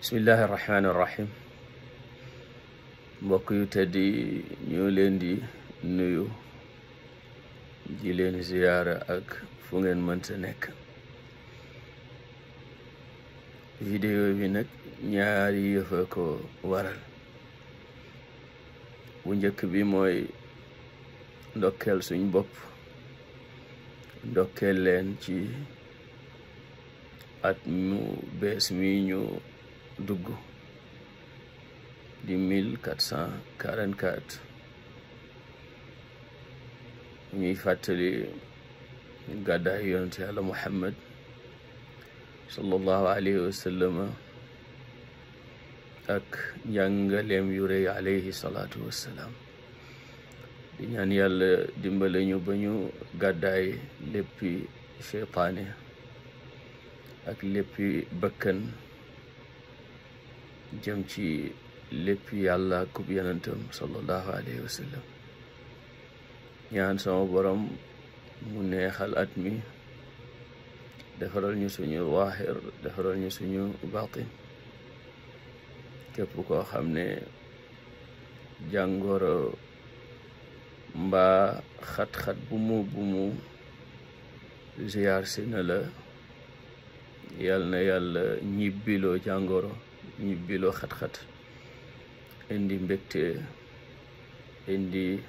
bismillahi irrahmani irrahim mbokk yu tedd yi ñu leen di nuyu ji leen ziyaara ak fu ngeen mënta nekk vidéo bi nag ñaari yëfa ko waral bu njëkk bi mooy ndokkeel suñ bopp ndokkeel leen ci at mu bees mi ñu dugg di mille quatre cent quarante quatre ñuy fàttali gàddaay yonent yàlla Muhammad sallallahu alayhi wa sallam ak njàngaleem yu rëy alayhi salaatu wassalaam di ñaan yàlla dimbale ñu bañu ñu gàddaay léppi ak léppi bakkan jëm ci lépp yàlla kub yonentam sallallahu alayhi wa ñaan sama borom mu neexal at mi defaral ñu suñu waaxir defaral ñu suñu baatin képp koo xam ne jàngoro mbaa xat-xat bu mu bu mu ziyaar si na la yal na yàlla ñibbiloo jàngoro ñibbiloo xat-xat indi mbégte indi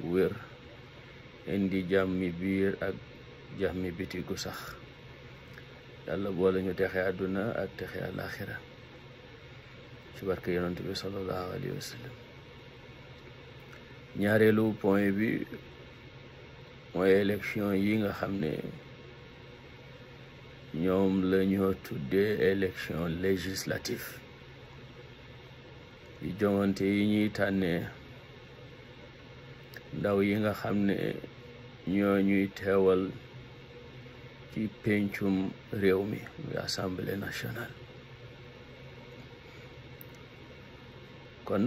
wér indi jàmmi biir ak jàmmi biti sax yàlla boole ñu texe àdduna ak texe àlaaxira ci barke yonent bi sallallahu alayhi wa ñaareelu point bi mooy élection yi nga xam ne ñoom la ñoo tuddee élection législative jongante yi ñuy tànnee ndaw yi nga xam ne ñoo ñuy teewal ci pencum réew mi muy assemblée nationale kon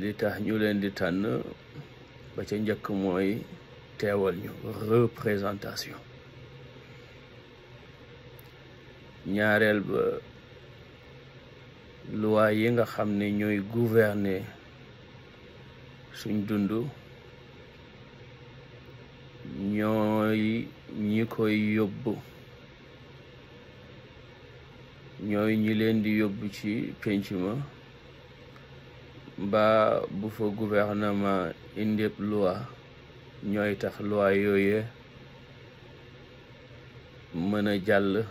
li tax ñu leen di tànn ba ca njëkk mooy teewal ñu représentation ñaareel ba loi yi nga xam ne ñooy gouverner suñ dund ñooy ñi koy yóbbu ñooy ñi leen di yóbbu ci penc ma ba bu fa gouvernement indép loi ñooy tax loi yooye mën a jàll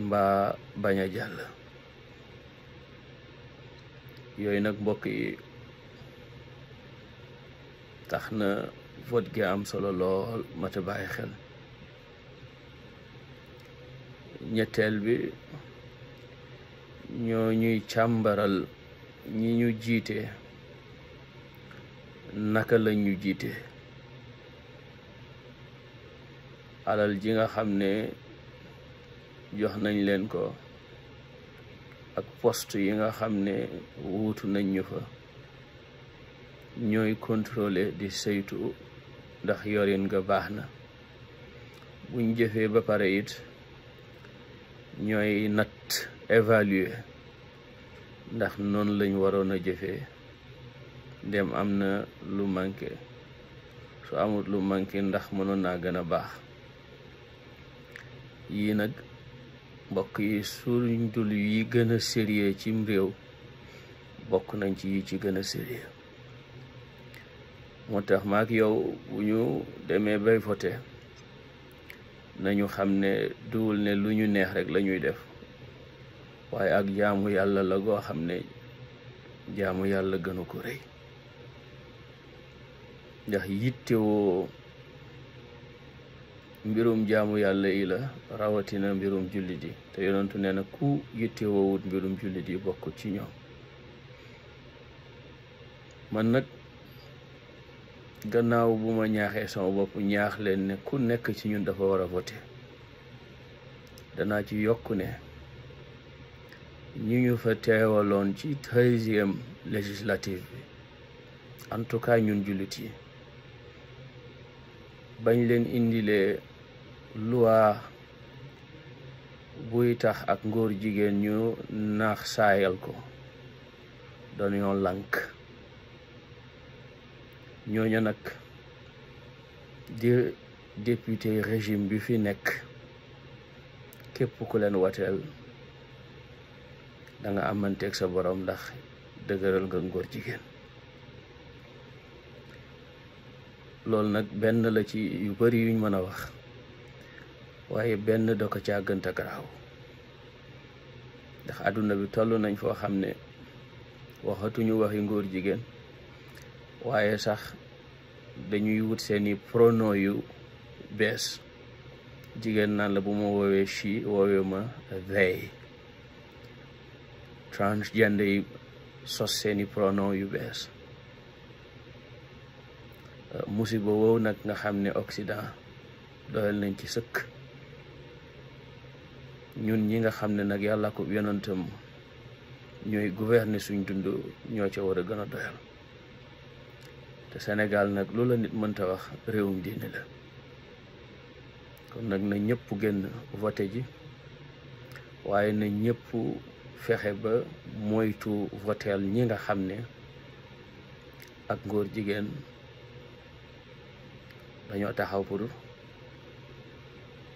mbaa bañ a jàll yooyu nag mbokk yi tax na vote gi am solo lool mata bàyyi xel ñetteel bi ñoo ñuy càmbaral ñi ñu jiite naka lañu jiite alal ji nga xam ne jox nañ leen ko ak poste yi nga xam ne wuutu nañ ñu fa ñooy contrôler di saytu ndax yorin ga baax na buñ jëfee ba pare it ñooy natt évaluer ndax noonu lañ waroon a jëfee dem am na lu manqué su amut lu manqué ndax mënoon naa gën a baax yii nag mbokk yi suñu dul yi gën a sérieux cim réew bokk nañ ci yi ci gën a sérieux moo tax maak yow bu ñu demee bay voté nañu xam ne duwul ne lu ñu neex rek lañuy def waaye ak jaamu yàlla la goo xam ne jaamu yàlla gënu ko rëy ndax yittewoo mbirum jaamu yàlla yi la rawatina mbirum jullit yi te yonentu nee ku yitte woowut mbirum jullit yi bokk ci ñoom man nag gannaaw bu ma ñaaxee sama bopp ñaax leen ne ku nekk ci ñun dafa war a danaa ci yokk ne ñi ñu fa teewaloon ci treizième législative bi en ñun jullit yi bañ leen indilee luwaa buy tax ak ngóor jigéen ñu naax saayal ko dañoo lànk ñooña nag di député régime bi fi nekk képp ku leen wateel danga nga amanteeg sa borom ndax dëgëral nga ngóor jigéen loolu nag benn la ci yu bari yuñ mën a wax waaye benn da ko caa gënt ndax àdduna bi toll nañ foo xam ne waxatuñu waxi ngóor jigéen waaye sax dañuy wut seeni prono yu bees jigéen naan la bu ma woowee she woowee ma they transgender yi sos seeni prono yu bees musiba woow nag nga xam ne Occident doyal nañ ci sëkk ñun ñi nga xam ne nag yàlla ko yonantam ñooy gouverner suñ dund ñoo ca war a gën a doyal te senegal nag lu la nit mënta wax réewum diine la kon nag na ñëpp génn voté ji waaye na ñëpp fexe ba moytu voteel ñi nga xam ne ak ngóor jigéen dañoo taxaw pour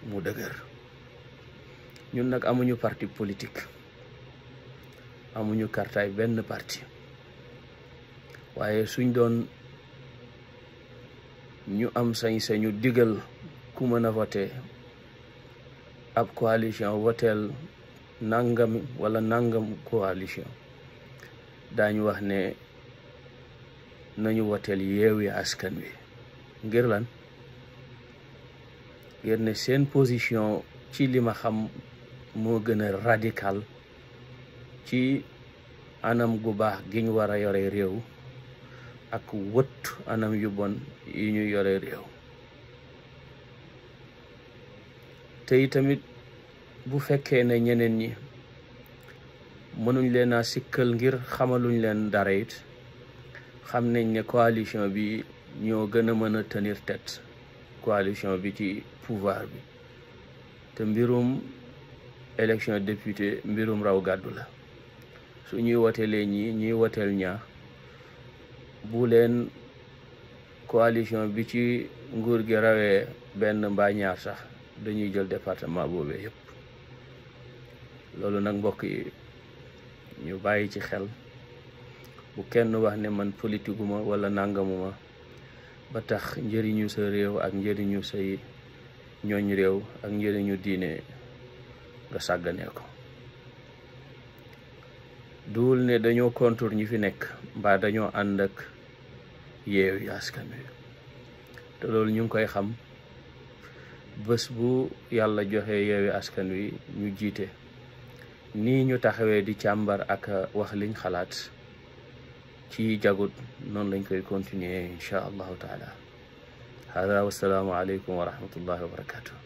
mu dëgër ñun nag amuñu parti politique amuñu kartaay benn parti waaye suñ doon ñu am sañ-sañu digal ku mën a voté ab coalition voteel nangam wala nangam coalition daañu wax ne nañu woteel yeewi askan wi ngir lan ngir ne seen position ci li xam moo gën a radical ci anam gu baax giñ war a yore réew ak wët anam yu bon yi ñu yore réew te tamit bu fekkee ne ñeneen ñi mënuñ leen a sikkal ngir xamaluñ leen dara it xam nañ ne coalition bi ñoo gën a mën a tenir tête coalition bi ci pouvoir bi te mbirum élection député mbirum raw gàddu la su ñuy wotelee ñii ñuy woteel ña bu leen coalition bi ci nguur gi rawee benn mbaa sax dañuy jël département boobee yépp loolu nag mbokk yi ñu bàyyi ci xel bu kenn wax ne man politiguma ma wala nangamuma ba tax njëriñu sa réew ak njëriñu say ñooñ réew ak njëriñu diine nga sàgganee ko duwul ne dañoo contour ñi fi nekk mba dañoo ànd ak yeew yi askan wi te loolu ñu ngi koy xam bés bu yàlla joxe yeewi askan wi ñu jiite nii ñu taxawee di càmbar ak wax liñ xalaat ci jagut noon lañ koy continuer incha allahu taala hada wasalaamu aleykum wa rahmatullahi wa barakatu